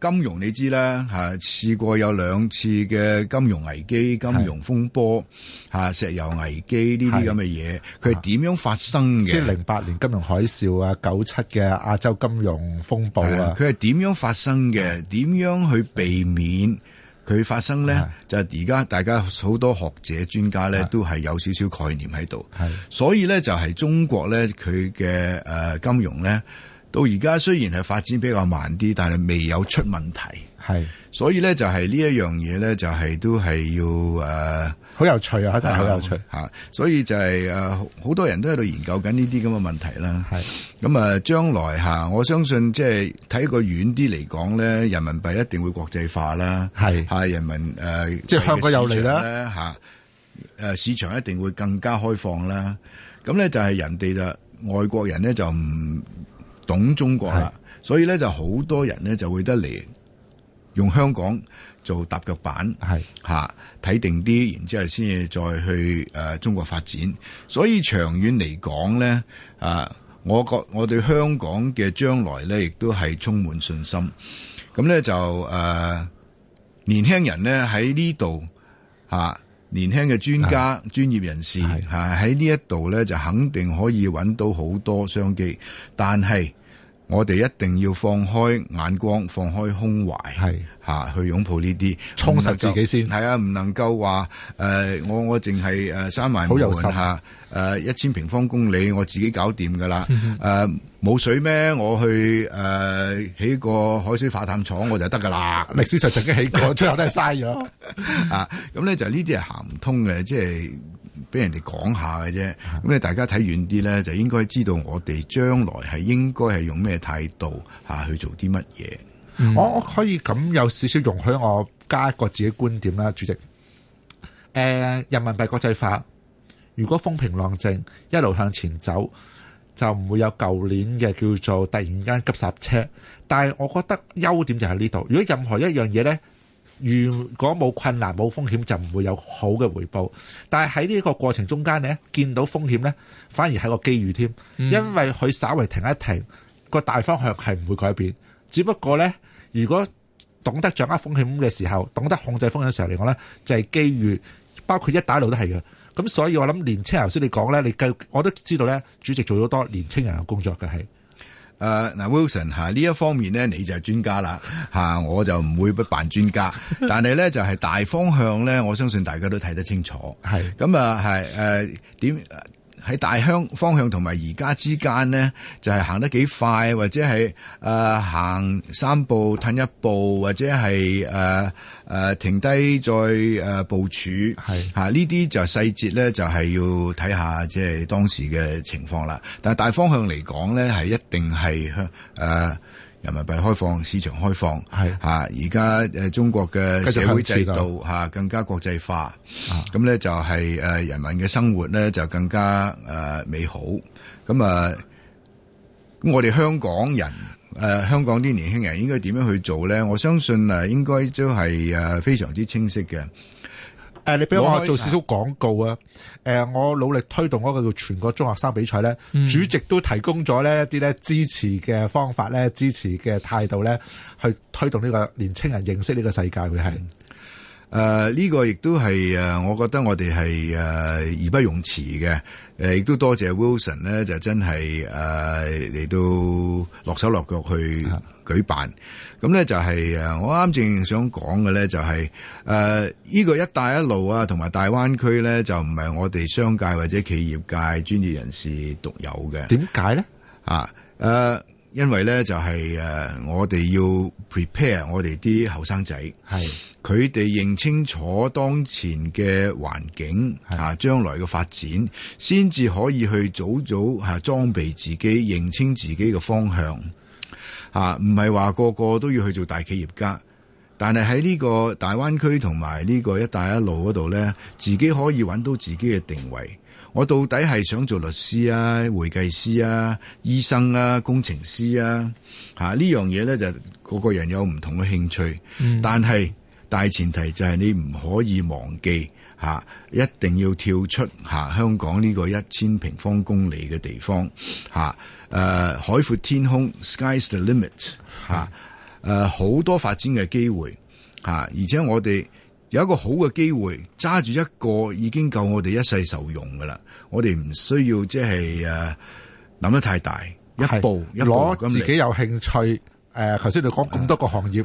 金融你知啦吓，試、啊、過有兩次嘅金融危機、金融風波吓、啊、石油危機呢啲咁嘅嘢，佢係點樣發生嘅？即係零八年金融海嘯啊，九七嘅亞洲金融風暴啊，佢係點樣發生嘅？點樣去避免？佢發生咧，就係而家大家好多學者專家咧，都係有少少概念喺度。係，所以咧就係中國咧佢嘅誒金融咧，到而家雖然係發展比較慢啲，但係未有出問題。係，所以咧就係呢一樣嘢咧，就係、是、都係要誒。呃好有趣，有趣啊！好有趣嚇，所以就係誒好多人都喺度研究緊呢啲咁嘅問題啦。係咁啊，將來嚇，我相信即係睇個遠啲嚟講咧，人民幣一定會國際化啦。係嚇，人民誒、呃，即係香港有嚟啦嚇。誒，市場一定會更加開放啦。咁咧就係人哋就外國人咧就唔懂中國啦，所以咧就好多人咧就會得嚟用香港做踏腳板。係嚇。睇定啲，然之後先至再去誒、呃、中國發展。所以長遠嚟講呢啊，我覺得我對香港嘅將來呢亦都係充滿信心。咁、呃、呢，就誒、啊、年輕人呢喺呢度嚇，年輕嘅專家專業人士嚇喺呢一度呢，就肯定可以揾到好多商機，但係。我哋一定要放開眼光，放開胸懷，係吓、啊、去擁抱呢啲充實自己先。係啊，唔能夠話誒，我我淨係誒閂埋門下，誒一千平方公里我自己搞掂噶啦。誒、嗯，冇、啊、水咩？我去誒起、呃、個海水化淡廠我就得噶啦。歷史上曾經起過， 最後都係嘥咗啊。咁咧就呢啲係行唔通嘅，即、就、係、是。俾人哋講下嘅啫，咁你大家睇遠啲咧，就應該知道我哋將來係應該係用咩態度去做啲乜嘢。我、嗯、我可以咁有少少容許我加一個自己觀點啦，主席、呃。人民幣國際化，如果風平浪靜一路向前走，就唔會有舊年嘅叫做突然間急煞車。但係我覺得優點就係呢度。如果任何一樣嘢咧，如果冇困難冇風險就唔會有好嘅回報，但係喺呢個過程中間咧，見到風險咧，反而係個機遇添，因為佢稍微停一停，個大方向係唔會改變，只不過咧，如果懂得掌握風險嘅時候，懂得控制風險嘅時候嚟講咧，就係機遇，包括一帶一路都係嘅。咁所以我諗年青人頭先你講咧，你計我都知道咧，主席做咗多年青人嘅工作嘅係。誒，嗱 Wilson 吓呢一方面咧，你就係專家啦吓，我就唔會不扮專家， 但係咧就係大方向咧，我相信大家都睇得清楚，係咁啊係誒點？喺大鄉方向同埋而家之間呢，就係、是、行得幾快，或者係誒、呃、行三步褪一步，或者係誒誒停低再誒、呃、部署。係嚇呢啲就細節咧，就係要睇下即係當時嘅情況啦。但係大方向嚟講咧，係一定係向誒。呃人民幣開放，市場開放，係嚇，而家誒中國嘅社會制度嚇更加國際化，咁咧就係誒人民嘅生活咧就更加誒美好，咁啊，咁我哋香港人誒香港啲年輕人應該點樣去做咧？我相信啊，應該都係誒非常之清晰嘅。誒，你俾我做少少廣告啊！誒，我努力推動嗰個叫全國中學生比賽咧、嗯，主席都提供咗呢一啲咧支持嘅方法咧，支持嘅態度咧，去推動呢個年青人認識呢個世界，佢係誒呢個亦都係誒，我覺得我哋係誒義不容辭嘅。誒、呃，亦都多謝 Wilson 咧，就真係誒嚟到落手落腳去。嗯舉辦咁咧就係誒，我啱正想講嘅咧就係、是、誒，呢、呃呢個一帶一路啊，同埋大灣區咧就唔係我哋商界或者企業界專業人士獨有嘅。點解咧？啊、呃、因為咧就係、是、誒、呃，我哋要 prepare 我哋啲後生仔，係佢哋認清楚當前嘅環境啊，將來嘅發展，先至可以去早早嚇、啊、裝備自己，認清自己嘅方向。嚇，唔係話個個都要去做大企業家，但係喺呢個大灣區同埋呢個一帶一路嗰度呢，自己可以揾到自己嘅定位。我到底係想做律師啊、會計師啊、醫生啊、工程師啊，嚇，呢樣嘢呢，就係、個個人有唔同嘅興趣。嗯、但係大前提就係你唔可以忘記。吓、啊！一定要跳出吓、啊、香港呢個一千平方公里嘅地方吓，誒、啊啊，海闊天空 sky's the limit 吓、啊，誒、啊，好、啊、多發展嘅機會吓、啊，而且我哋有一個好嘅機會，揸住一個已經夠我哋一世受用噶啦，我哋唔需要即係誒諗得太大，一步一攞自己有興趣誒，頭、啊、先你講咁多個行業，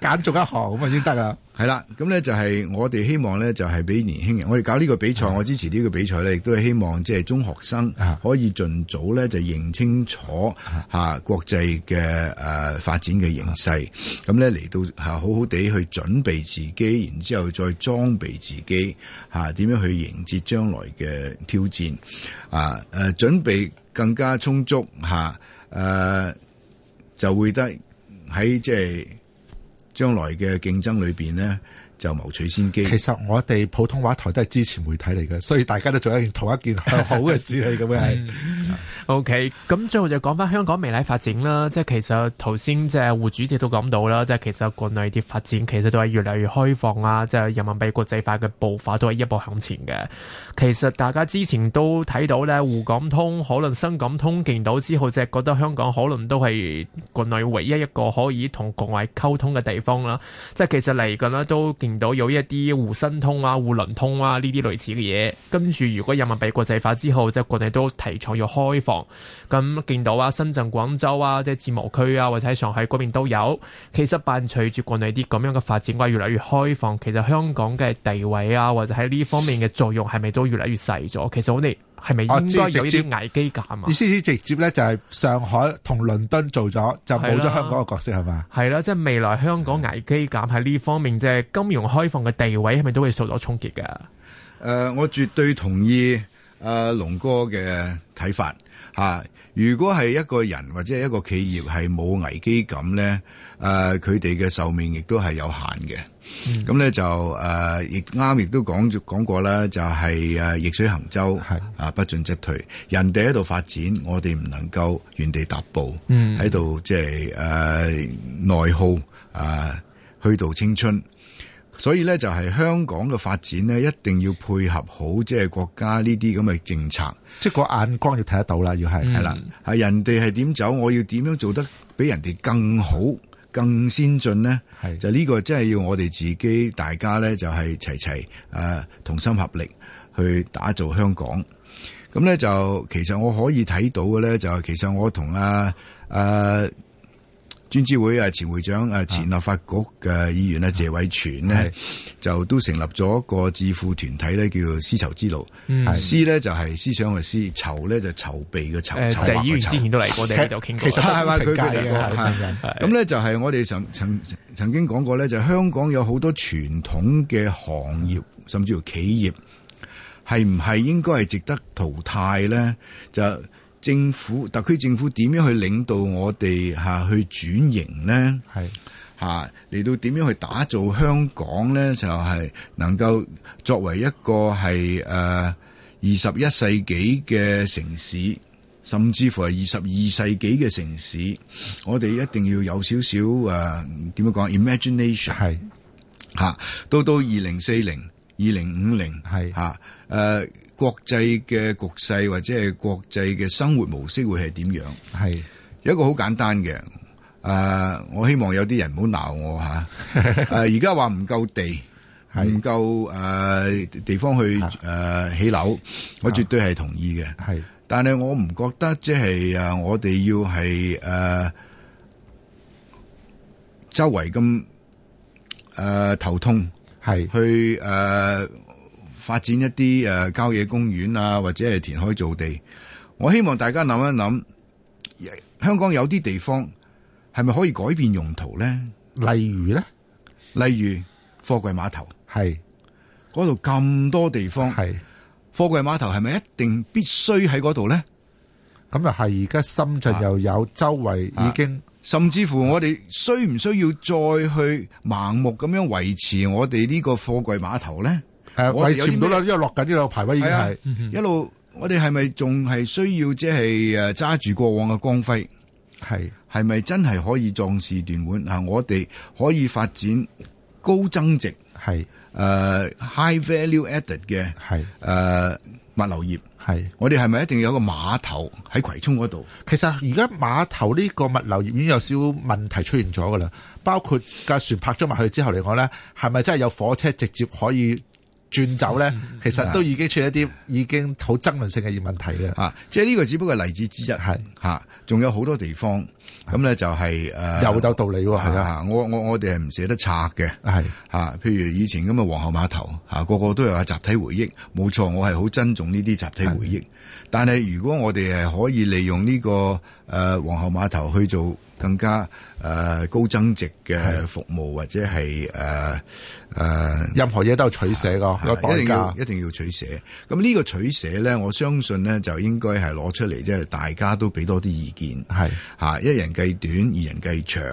揀 做一行咁啊，先得啊。係啦，咁咧就係我哋希望咧就係俾年輕人，我哋搞呢個比賽，我支持呢個比賽咧，亦都係希望即係中學生可以盡早咧就認清楚吓國際嘅誒發展嘅形勢，咁咧嚟到吓好好地去準備自己，然之後再裝備自己吓，點樣去迎接將來嘅挑戰啊。誒，準備更加充足吓誒，就會得喺即係。將來嘅競爭裏邊咧，就謀取先機。其實我哋普通話台都係支持媒體嚟嘅，所以大家都做一件同一件好嘅事嚟嘅。噉樣係。 是 O K，咁最後就講翻香港未來發展啦，即係其實頭先即係胡主席都講到啦，即係其實國內啲發展其實都係越嚟越開放啊，即係人民幣國際化嘅步伐都係一步向前嘅。其實大家之前都睇到咧，滬港通可能深港通見到之後，即係覺得香港可能都係國內唯一一個可以同國外溝通嘅地方啦。即係其實嚟緊咧都見到有一啲滬深通啊、滬倫通啊呢啲類似嘅嘢，跟住如果人民幣國際化之後，即係國內都提倡要開。開放咁見到啊，深圳、廣州啊，即係自貿區啊，或者喺上海嗰邊都有。其實伴隨住國內啲咁樣嘅發展，話越嚟越開放。其實香港嘅地位啊，或者喺呢方面嘅作用，係咪都越嚟越細咗？其實我哋係咪應該有啲危機感啊，啊？意思直接咧就係、是、上海同倫敦做咗，就冇咗香港嘅角色係嘛？係啦，即係、啊啊就是、未來香港危機感喺呢方面，即、嗯、係金融開放嘅地位，係咪都會受到衝擊噶？誒、呃，我絕對同意。阿、啊、龍哥嘅睇法吓，啊，如果係一個人或者係一個企業係冇危機感咧，誒、啊，佢哋嘅壽命亦都係有限嘅。咁、嗯、咧就誒，亦、啊、啱，亦都講講過啦，就係誒逆水行舟，係啊，不進則退。人哋喺度發展，我哋唔能夠原地踏步，嗯，喺度即係誒內耗啊，虛、啊、度青春。所以咧就係香港嘅發展咧，一定要配合好即係國家呢啲咁嘅政策，即係個眼光要睇得到、嗯、啦，要係係啦，係人哋係點走，我要點樣做得比人哋更好、更先進咧？係，就呢個真係要我哋自己大家咧，就係齊齊誒同心合力去打造香港。咁咧就其實我可以睇到嘅咧、就係，就其實我同阿誒。啊專資會啊，前會長啊，前立法局嘅議員啊，謝偉銓就都成立咗一個智庫團體咧，叫絲綢之路。嗯，思咧就係思想嘅思，籌咧就籌備嘅籌，籌劃嘅籌。呃、謝議員之前都嚟過我哋呢度傾偈 其實係佢嘅一咁咧，就係我哋曾曾曾經講過咧，就香港有好多傳統嘅行業甚至乎企業係唔係應該係值得淘汰咧？就政府特區政府點樣去領導我哋、啊、去轉型呢？係嚟、啊、到點樣去打造香港呢？就係、是、能夠作為一個係誒、啊、二十一世紀嘅城市，甚至乎係二十二世紀嘅城市，我哋一定要有少少誒點樣講、啊、imagination 係嚇、啊。到到二零四零、二零五零係嚇誒。國際嘅局勢或者係國際嘅生活模式會係點樣？係有一個好簡單嘅，啊！我希望有啲人唔好鬧我吓。誒，而家話唔夠地，唔夠誒地方去誒起樓，我絕對係同意嘅。係，但係我唔覺得即係啊，我哋要係誒周圍咁誒頭痛，係去誒。發展一啲誒郊野公園啊，或者係填海造地。我希望大家諗一諗，香港有啲地方係咪可以改變用途咧？例如咧，例如貨櫃碼頭，係嗰度咁多地方，係貨櫃碼頭係咪一定必須喺嗰度咧？咁就係而家深圳又有、啊、周圍已經、啊，甚至乎我哋需唔需要再去盲目咁樣維持我哋呢個貨櫃碼頭咧？係維持唔到啦，因為落緊呢個排位已經係一路。我哋係咪仲係需要即係誒揸住過往嘅光輝？係係咪真係可以壯士斷腕？啊，我哋可以發展高增值係誒、呃、high value added 嘅係誒物流業係。我哋係咪一定要有一個碼頭喺葵涌嗰度？其實而家碼頭呢個物流業已經有少問題出現咗噶啦，包括架船泊咗埋去之後嚟講咧，係咪真係有火車直接可以？轉走咧、嗯，其實都已經出了一啲已經好爭論性嘅問題嘅吓、啊，即係呢個只不過係例子之一，係吓，仲、啊、有好多地方，咁咧、嗯、就係、是、誒，有、呃、有道理喎、哦，係啊，我我我哋係唔捨得拆嘅，係吓、啊，譬如以前咁嘅皇后碼頭，吓、啊、個個都有集體回憶，冇錯，我係好珍重呢啲集體回憶，但係如果我哋係可以利用呢、這個誒、呃、皇后碼頭去做。更加誒、呃、高增值嘅服務或者係誒誒任何嘢都有取捨咯，有代價，一定要一定要取捨。咁呢個取捨咧，我相信咧就應該係攞出嚟，即係大家都俾多啲意見，係吓，一人計短，二人計長。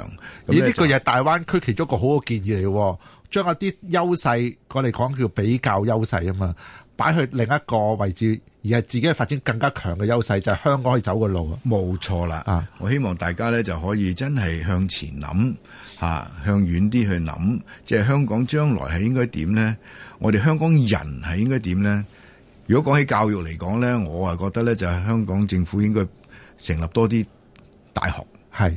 而呢個又係大灣區其中一個好嘅建議嚟，將一啲優勢，我哋講叫比較優勢啊嘛。擺去另一個位置，而係自己嘅發展更加強嘅優勢，就係、是、香港可以走嘅路。冇錯啦，我希望大家咧就可以真係向前諗，吓向遠啲去諗，即、就、係、是、香港將來係應該點咧？我哋香港人係應該點咧？如果講起教育嚟講咧，我啊覺得咧就係香港政府應該成立多啲大學，係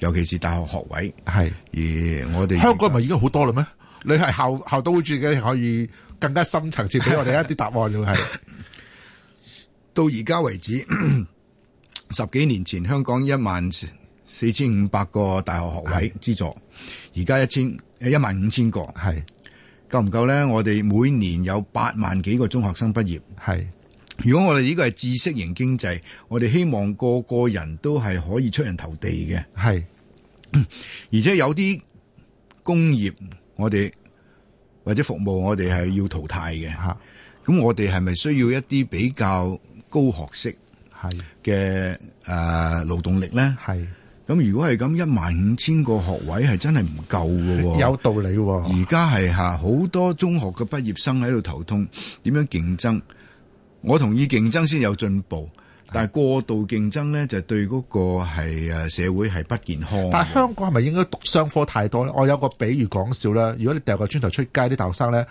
尤其是大學學位係。而我哋香港唔係已經好多啦咩？你係校校董會主席可以。更加深層次俾我哋一啲答案咯，係 到而家為止， 十幾年前香港一萬四千五百個大學學位資助，而家一千一萬五千個，係夠唔夠咧？我哋每年有八萬幾個中學生畢業，係。如果我哋呢個係知識型經濟，我哋希望個個人都係可以出人頭地嘅，係。而且有啲工業，我哋。或者服務我哋係要淘汰嘅，咁我哋係咪需要一啲比較高學識嘅誒勞動力咧？係咁，如果係咁，一萬五千個學位係真係唔夠嘅喎。有道理喎、哦，而家係吓好多中學嘅畢業生喺度頭痛，點樣競爭？我同意競爭先有進步。但係過度競爭咧，就對嗰個係誒社會係不健康。但係香港係咪應該讀商科太多咧？我有個比喻講笑啦，如果你掉個磚頭出街，啲大學生咧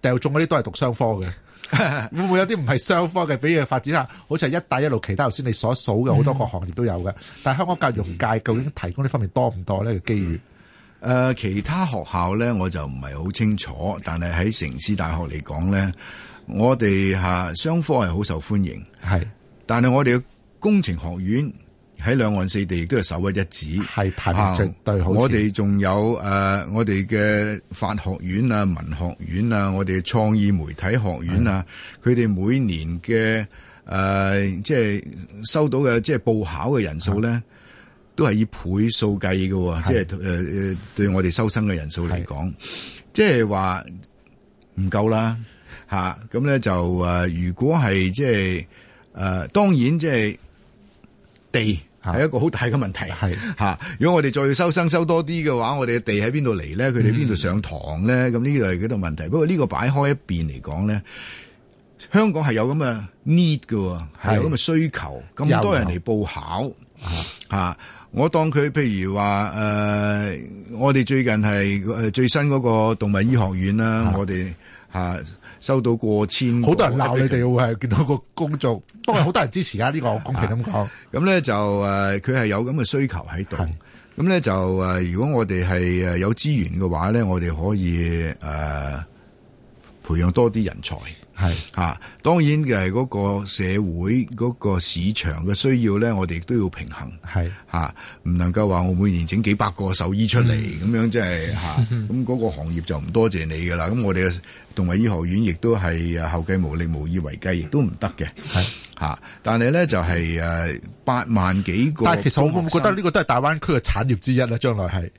掉中嗰啲都係讀商科嘅。 會唔會有啲唔係商科嘅，比如發展下，好似係一帶一路，其他頭先你所數嘅好多個行業都有嘅、嗯。但香港教育業界究竟提供呢方面多唔多呢，嘅機遇？誒，其他學校咧我就唔係好清楚，但係喺城市大學嚟講咧，我哋啊、商科係好受歡迎，係。但係我哋嘅工程學院喺兩岸四地亦都係首屈一指，係排得最對好。我哋仲有誒、呃，我哋嘅法學院啊、文學院啊、我哋嘅創意媒體學院啊，佢、嗯、哋每年嘅誒，即、呃、係、就是、收到嘅即係報考嘅人數咧，都係以倍數計嘅，即係誒誒，對我哋收生嘅人數嚟講，即係話唔夠啦吓。咁咧就誒、是啊呃，如果係即係。就是誒、呃，當然即係地係一個好大嘅問題係吓。如果我哋再要收生收多啲嘅話，我哋嘅地喺邊度嚟咧？佢哋邊度上堂咧？咁、嗯、呢個係幾個問題。不過呢個擺開一邊嚟講咧，香港係有咁嘅 need 㗎，係有咁嘅需求，咁多人嚟報考吓、啊。我當佢譬如話誒、呃，我哋最近係誒最新嗰個動物醫學院啦，我哋吓。啊收到過千，好多人鬧你哋，會係見到個工作，當然好多人支持啊！呢、 呢個公平咁講。咁咧、啊、就誒，佢、呃、係有咁嘅需求喺度。咁咧就誒、呃，如果我哋係誒有資源嘅話咧，我哋可以誒、呃、培養多啲人才。係、啊、當然嘅係嗰個社會嗰、嗰個市場嘅需要咧，我哋都要平衡。係唔、啊、能夠話我每年整幾百個獸醫出嚟咁、嗯、樣、就是，即係吓，咁、嗯、嗰、嗯嗯嗯嗰個行業就唔多謝你噶啦。咁我哋動物醫學院亦都係後繼無力、無以為繼，亦都唔得嘅。係吓、啊，但係咧就係誒八萬幾個，但係其實我我覺得呢個都係大灣區嘅產業之一啦、啊，將來係。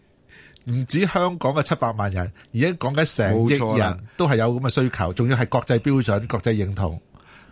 唔止香港嘅七百萬人，而家講緊成億人，都係有咁嘅需求，仲要係國際標準、國際認同。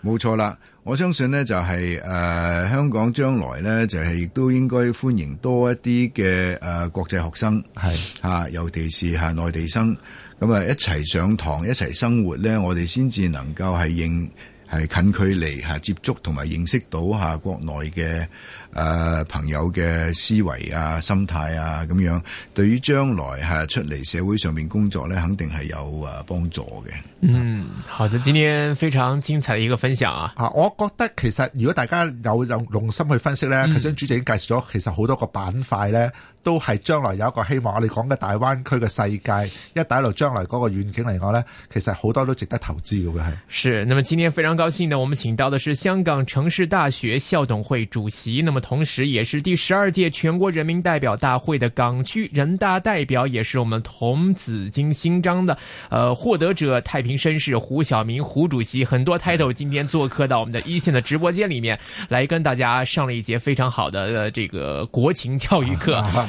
冇錯啦，我相信呢就係、是、誒、呃、香港將來呢，就係亦都應該歡迎多一啲嘅誒國際學生，係吓，尤其是吓內地生，咁啊一齊上堂、一齊生活呢，我哋先至能夠係認。係近距離嚇接觸同埋認識到嚇國內嘅誒、呃、朋友嘅思維啊、心態啊咁樣，對於將來嚇出嚟社會上面工作咧，肯定係有誒幫助嘅。嗯，好的，今天非常精彩嘅一個分享啊！啊，我覺得其實如果大家有有用心去分析咧、嗯，其實主席已經介紹咗，其實好多個板塊咧。都係將來有一個希望，我哋講嘅大灣區嘅世界，一帶一路將來嗰個遠景嚟講呢，其實好多都值得投資嘅係。是，那麼今天非常高興呢，我們請到的是香港城市大學校董會主席，那麼同時也是第十二屆全國人民代表大會的港區人大代表，也是我們童子軍勳章的，呃，獲得者太平紳士胡曉明胡主席，很多 title 今天做客到我們的一線的直播間裏面，來跟大家上了一節非常好的這個國情教育課。